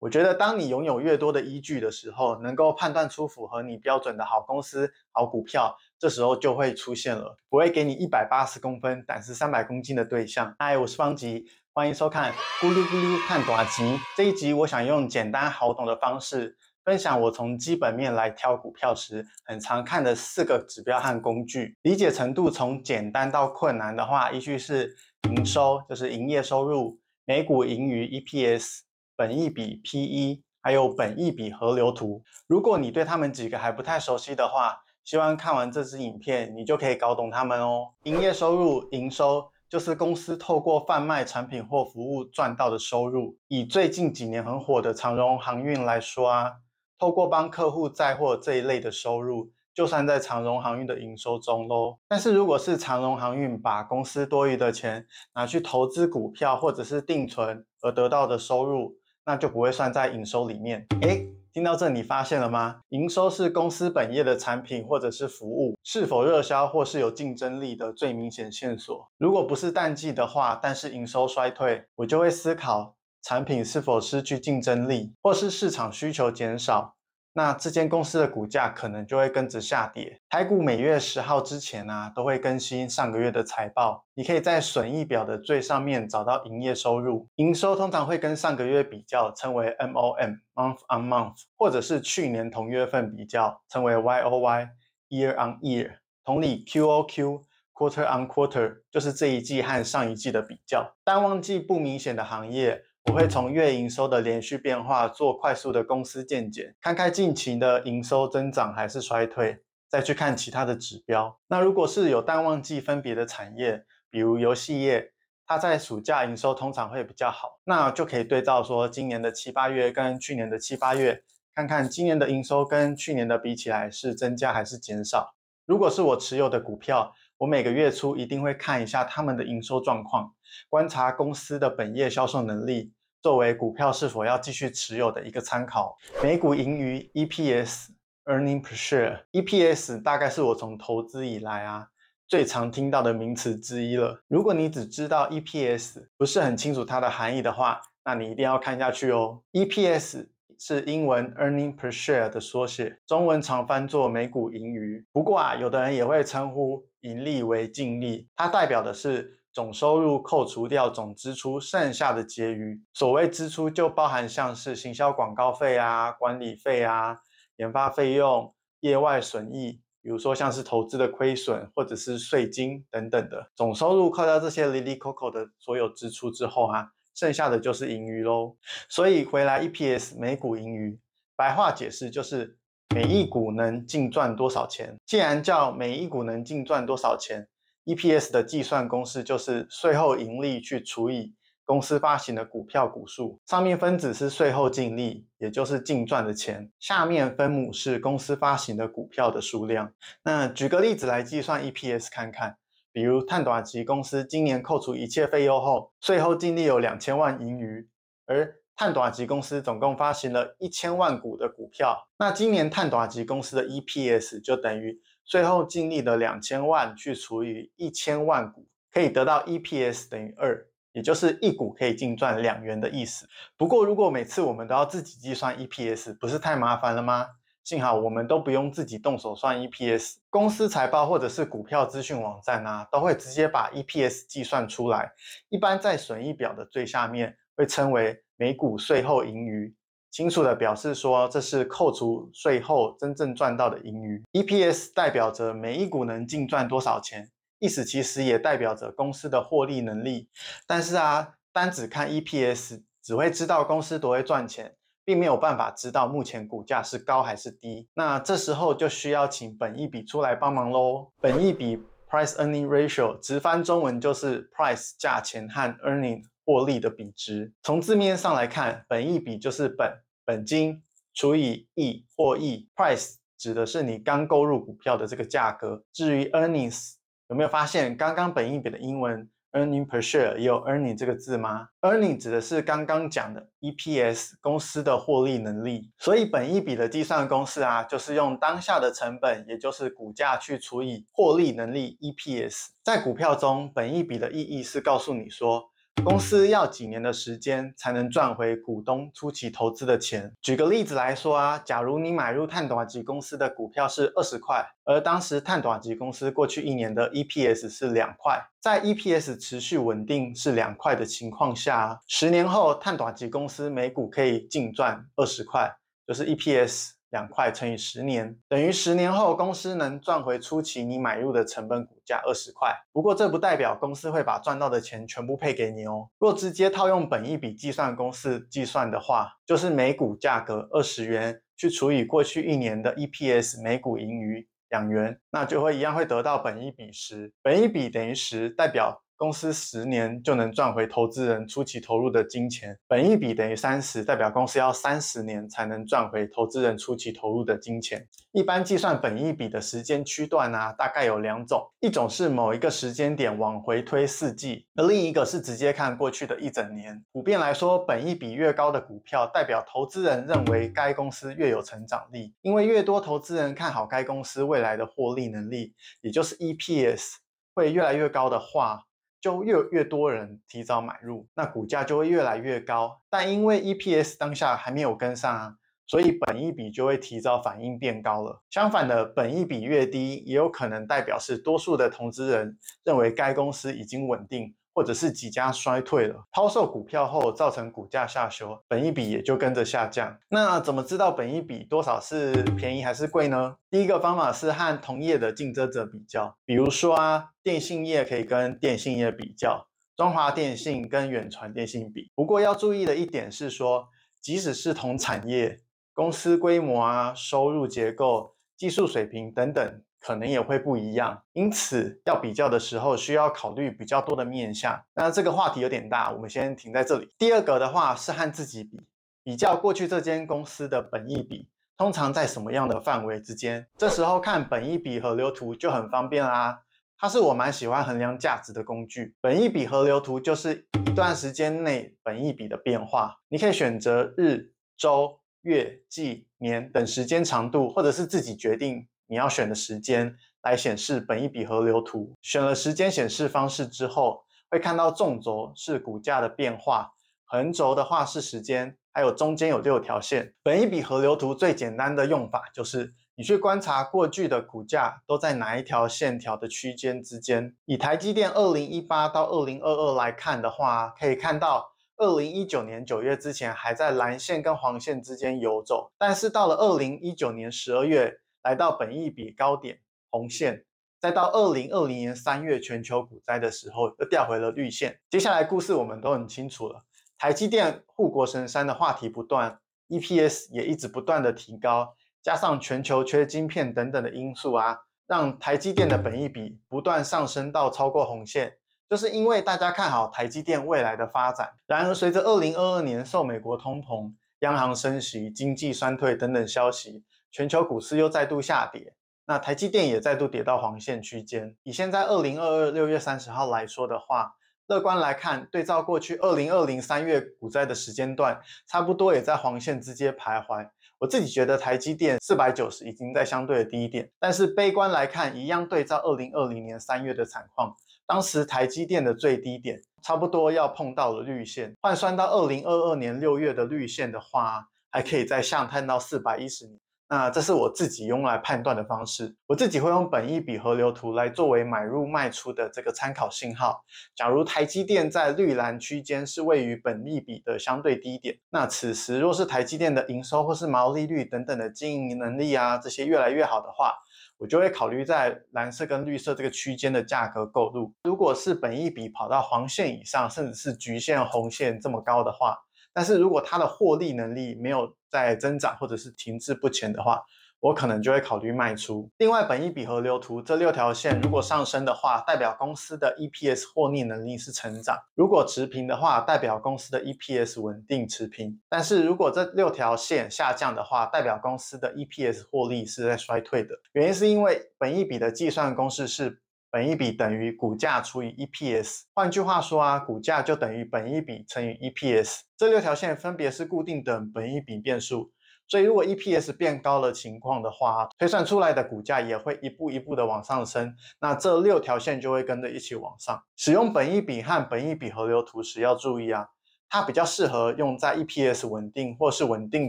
我覺得，當你擁有越多的依據的時候，能夠判斷出符合你標準的好公司、好股票，這時候就會出現了。不會給你一百八十公分，但是三百公斤的對象。嗨，我是方吉，歡迎收看《股溜股溜探大吉》。這一集，我想用簡單好懂的方式，分享我從基本面來挑股票時，很常看的四個指標和工具。理解程度從簡單到困難的話，依序是營收，就是營業收入，每股盈餘 （EPS）。本一筆 PE 還有本一筆河流圖，如果你對他們幾個還不太熟悉的話，希望看完這支影片你就可以搞懂他們哦。營業收入，營收就是公司透過販賣產品或服務賺到的收入。以最近幾年很火的長榮航運來說啊，透過幫客戶載貨這一類的收入，就算在長榮航運的營收中嘍。但是如果是長榮航運把公司多餘的錢拿去投資股票或者是定存而得到的收入，那就不會算在營收裡面。誒，聽到這你發現了嗎？營收是公司本業的產品或者是服務，是否熱銷或是有競爭力的最明顯線索。如果不是淡季的話，但是營收衰退，我就會思考產品是否失去競爭力，或是市場需求減少。那這間公司的股價可能就會跟着下跌。台股每月十號之前啊，都會更新上個月的財報。你可以在損益表的最上面找到營業收入，營收通常會跟上個月比較，稱為 M O M（month on month） 或者是去年同月份比較，稱為 Y O Y（year on year）。同理，Q O Q（quarter on quarter） 就是這一季和上一季的比較。淡旺季不明顯的行業。我會從月營收的連續變化做快速的公司見解，看看近期的營收增長還是衰退，再去看其他的指標。那如果是有淡旺季分別的產業，比如遊戲業，它在暑假營收通常會比較好，那就可以對照說今年的七八月跟去年的七八月，看看今年的營收跟去年的比起來是增加還是減少。如果是我持有的股票，我每個月初一定會看一下他們的營收狀況，觀察公司的本業銷售能力。作為股票是否要繼續持有的一個參考，每股盈餘 EPS (Earning per Share)。EPS 大概是我從投資以來啊最常聽到的名詞之一了。如果你只知道 EPS，不是很清楚它的含義的話，那你一定要看下去哦。EPS 是英文 Earning per Share 的縮寫，中文常翻作每股盈餘。不過啊，有的人也會稱呼盈利為淨利，它代表的是。總收入扣除掉總支出，剩下的結餘。所謂支出就包含像是行銷廣告費啊、管理費啊、研發費用、業外損益，比如說像是投資的虧損或者是稅金等等的。總收入扣掉這些零零扣扣的所有支出之後啊，剩下的就是盈餘嘍。所以回來 EPS 每股盈餘，白話解釋就是每一股能淨賺多少錢。既然叫每一股能淨賺多少錢，EPS 的計算公式就是稅後盈利去除以公司發行的股票股數。上面分子是稅後淨利，也就是淨賺的錢；下面分母是公司發行的股票的數量。那舉個例子來計算 EPS 看看。比如探大吉公司今年扣除一切費用後，稅後淨利有兩千萬盈餘，而探大吉公司總共發行了一千萬股的股票。那今年探大吉公司的 EPS 就等於。最後淨利的兩千萬去除以一千萬股，可以得到 EPS 等於二，也就是一股可以淨賺兩元的意思。不過，如果每次我們都要自己計算 EPS，不是太麻煩了嗎？幸好我們都不用自己動手算 EPS，公司財報或者是股票資訊網站啊，都會直接把 EPS 計算出來。一般在損益表的最下面，會稱為每股稅後盈餘。清楚地表示說，這是扣除稅後真正賺到的盈餘。EPS 代表着每一股能淨賺多少錢，意思其實也代表着公司的獲利能力。但是啊，單只看 EPS 只會知道公司多會賺錢，並沒有辦法知道目前股價是高還是低。那這時候就需要請本益比出來幫忙嘍。本益比 Price-Earning Ratio，直翻中文就是 Price（ 價錢）和 Earning。獲利的比值，從字面上來看，本益比就是本，本金除以 e 或 e，Price 指的是你剛購入股票的這個價格。至於 Earnings，有沒有發現剛剛本益比的英文 Earning per share 也有 Earning 這個字嗎？Earnings 指的是剛剛講的 EPS，公司的獲利能力。所以本益比的計算公式啊，就是用當下的成本，也就是股價去除以獲利能力 EPS。在股票中，本益比的意義是告訴你說，公司要幾年的時間才能賺回股東初期投資的錢？舉個例子來說啊，假如你買入探大吉公司的股票是二十塊，而當時探大吉公司過去一年的 EPS 是兩塊，在 EPS 持續穩定是兩塊的情況下，十年後探大吉公司每股可以淨賺二十塊，就是 EPS 兩塊乘以十年，等於十年後公司能賺回初期你買入的成本股加二十塊，不過這不代表公司會把賺到的錢全部配給你哦。若直接套用本益比計算公式計算的話，就是每股價格二十元去除以過去一年的 EPS 每股盈餘兩元，那就會一樣會得到本益比十。本益比等於十，代表，公司十年就能賺回投資人初期投入的金錢，本益比等於三十，代表公司要三十年才能賺回投資人初期投入的金錢。一般計算本益比的時間區段啊，大概有兩種，一種是某一個時間點往回推四季，而另一個是直接看過去的一整年。普遍來說，本益比越高的股票，代表投資人認為該公司越有成長力，因為越多投資人看好該公司未來的獲利能力，也就是 EPS 會越來越高的話。就越越多人提早買入，那股價就會越來越高。但因為 EPS 當下還沒有跟上啊，所以本益比就會提早反應變高了。相反的，本益比越低，也有可能代表是多數的投資人認為該公司已經穩定。或者是幾家衰退了，拋售股票後造成股價下修，本益比也就跟着下降。那怎麼知道本益比多少是便宜還是貴呢？第一個方法是和同業的競爭者比較，比如說啊，電信業可以跟電信業比較，中華電信跟遠傳電信比。不過要注意的一點是說，即使是同產業，公司規模啊、收入結構、技術水平等等。可能也會不一樣，因此要比較的時候需要考慮比較多的面向。那這個話題有點大，我們先停在這裡。第二個的話是和自己比，比較過去這間公司的本益比，通常在什麼樣的範圍之間？這時候看本益比河流圖就很方便啦。它是我蠻喜歡衡量價值的工具。本益比河流圖就是一段時間內本益比的變化，你可以選擇日、週、月、季、年等時間長度，或者是自己決定。你要選的時間來顯示本益比河流圖。選了時間顯示方式之後，會看到縱軸是股價的變化，橫軸的話是時間，還有中間有六條線。本益比河流圖最簡單的用法就是，你去觀察過去的股價都在哪一條線條的區間之間。以台積電二零一八到二零二二來看的話，可以看到二零一九年九月之前還在藍線跟黃線之間游走，但是到了二零一九年十二月。來到本益比高點紅線，再到二零二零年三月全球股災的時候，又掉回了綠線。接下來故事我們都很清楚了，台積電護國神山的話題不斷，EPS 也一直不斷的提高，加上全球缺晶片等等的因素啊，讓台積電的本益比不斷上升到超過紅線，就是因為大家看好台積電未來的發展。然而，隨着二零二二年受美國通膨、央行升息、經濟衰退等等消息。全球股市又再度下跌，那台積電也再度跌到黃線區間。以現在二零二二六月三十號來說的話，樂觀來看，對照過去二零二零三月股災的時間段，差不多也在黃線之間徘徊。我自己覺得台積電四百九十已經在相對的低點，但是悲觀來看，一樣對照二零二零年三月的慘況，當時台積電的最低點差不多要碰到了綠線。換算到二零二二年六月的綠線的話，還可以再下探到四百一十。那這是我自己用來判斷的方式。我自己會用本益比河流圖來作為買入賣出的這個參考信號。假如台積電在綠藍區間是位於本益比的相對低點，那此時若是台積電的營收或是毛利率等等的經營能力啊這些越來越好的話，我就會考慮在藍色跟綠色這個區間的價格購入。如果是本益比跑到黃線以上，甚至是橘線紅線這麼高的話，但是如果它的獲利能力沒有在增長，或者是停滯不前的話，我可能就會考慮賣出。另外，本益比河流圖這六條線如果上升的話，代表公司的 EPS 獲利能力是成長；如果持平的話，代表公司的 EPS 穩定持平；但是如果這六條線下降的話，代表公司的 EPS 獲利是在衰退的。原因是因為本益比的計算公式是。本益比等於股價除以 EPS，換句話說啊，股價就等於本益比乘以 EPS。這六條線分別是固定等本益比變數，所以如果 EPS 變高的情況的話，推算出來的股價也會一步一步的往上升，那這六條線就會跟着一起往上。使用本益比和本益比河流圖時要注意啊。它比較適合用在 EPS 穩定或是穩定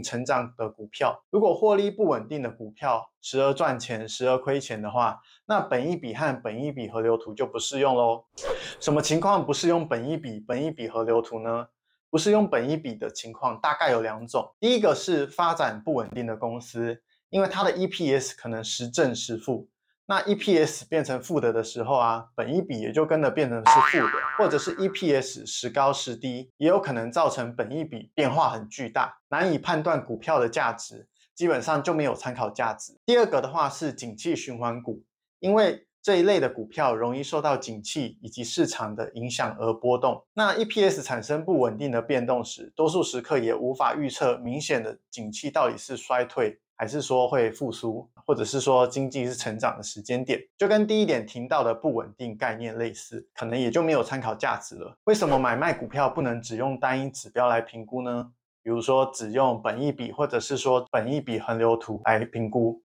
成長的股票。如果獲利不穩定的股票，時而賺錢，時而虧錢的話，那本益比和本益比河流圖就不適用嘍。什麼情況不適用本益比、本益比河流圖呢？不是用本益比的情況大概有兩種，第一個是發展不穩定的公司，因為它的 EPS 可能時正時負。那 EPS 變成負的的時候啊，本益比也就跟着變成是負的，或者是 EPS 時高時低，也有可能造成本益比變化很巨大，難以判斷股票的價值，基本上就沒有參考價值。第二個的話是景氣循環股，因為這一類的股票容易受到景氣以及市場的影響而波動。那 EPS 產生不穩定的變動時，多數時刻也無法預測明顯的景氣到底是衰退。還是說會復甦，或者是說經濟是成長的時間點，就跟第一點提到的不穩定概念類似，可能也就沒有參考價值了。為什麼買賣股票不能只用單一指標來評估呢？比如說只用本益比，或者是說本益比河流圖來評估？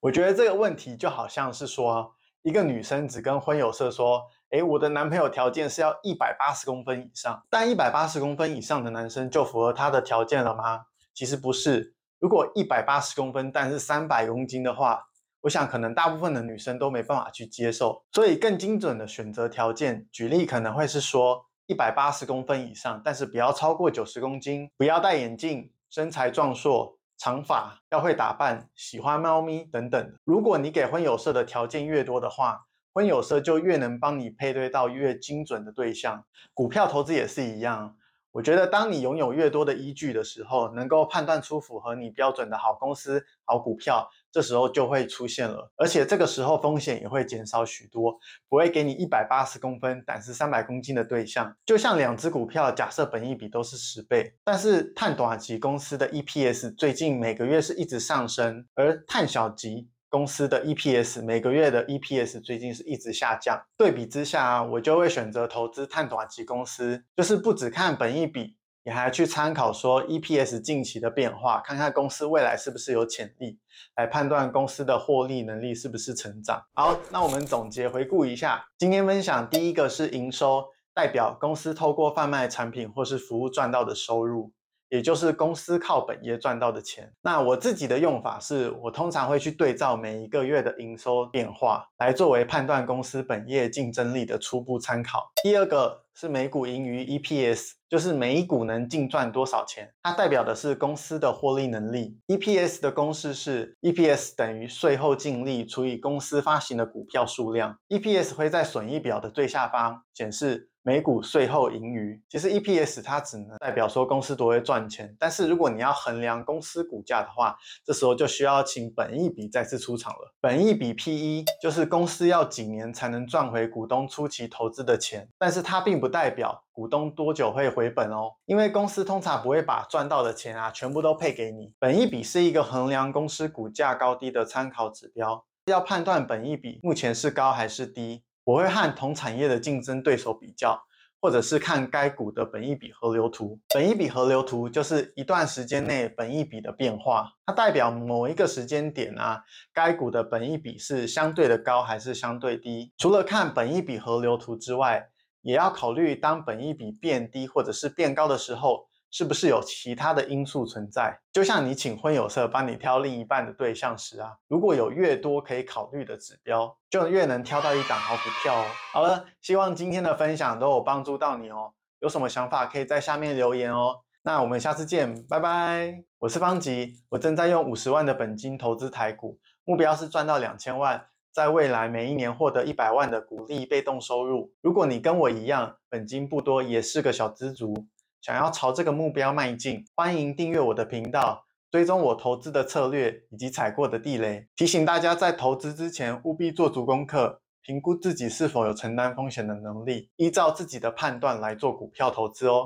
我覺得這個問題就好像是說，一個女生只跟婚友社說：“哎，我的男朋友條件是要一百八十公分以上，但一百八十公分以上的男生就符合他的條件了嗎？”其實不是。如果一百八十公分，但是三百公斤的話，我想可能大部分的女生都沒辦法去接受。所以更精準的選擇條件，舉例可能會是說一百八十公分以上，但是不要超過九十公斤，不要戴眼鏡，身材壯碩，長髮，要會打扮，喜歡貓咪等等。如果你給婚友社的條件越多的話，婚友社就越能幫你配對到越精準的對象。股票投資也是一樣。我覺得，當你擁有越多的依據的時候，能夠判斷出符合你標準的好公司、好股票，這時候就會出現了。而且這個時候風險也會減少許多，不會給你一百八十公分、但是三百公斤的對象。就像兩隻股票，假設本益比都是十倍，但是碳大級公司的 EPS 最近每個月是一直上升，而碳小級。公司的 EPS 每個月的 EPS 最近是一直下降，對比之下，啊，我就會選擇投資探大吉公司，就是不只看本益比，你還去參考說 EPS 近期的變化，看看公司未來是不是有潛力，來判斷公司的獲利能力是不是成長。好，那我們總結回顧一下，今天分享第一個是營收，代表公司透過販賣產品或是服務賺到的收入。也就是公司靠本業賺到的錢。那我自己的用法是，我通常會去對照每一個月的營收變化，來作為判斷公司本業競爭力的初步參考。第二個是每股盈餘 EPS，就是每一股能淨賺多少錢，它代表的是公司的獲利能力。EPS 的公式是 EPS 等於稅後淨利除以公司發行的股票數量。EPS 會在損益表的最下方顯示。每股稅後盈餘，其實 EPS 它只能代表說公司多會賺錢，但是如果你要衡量公司股價的話，這時候就需要請本益比再次出場了。本益比 P/E 就是公司要幾年才能賺回股東初期投資的錢，但是它並不代表股東多久會回本哦，因為公司通常不會把賺到的錢啊全部都配給你。本益比是一個衡量公司股價高低的參考指標，要判斷本益比目前是高還是低。我會和同產業的競爭對手比較，或者是看該股的本益比河流圖。本益比河流圖就是一段時間內本益比的變化，它代表某一個時間點啊，該股的本益比是相對的高還是相對低。除了看本益比河流圖之外，也要考慮當本益比變低或者是變高的時候。是不是有其他的因素存在？就像你請婚友社幫你挑另一半的對象時啊，如果有越多可以考慮的指標，就越能挑到一檔好股票哦。好了，希望今天的分享都有幫助到你哦。有什麼想法可以在下面留言哦。那我們下次見，拜拜。我是方吉，我正在用五十萬的本金投資台股，目標是賺到兩千萬，在未來每一年獲得一百萬的股利被動收入。如果你跟我一樣，本金不多，也是個小資族。想要朝這個目標邁進，歡迎訂閱我的頻道，追蹤我投資的策略以及踩過的地雷。提醒大家，在投資之前務必做足功課，評估自己是否有承擔風險的能力，依照自己的判斷來做股票投資哦。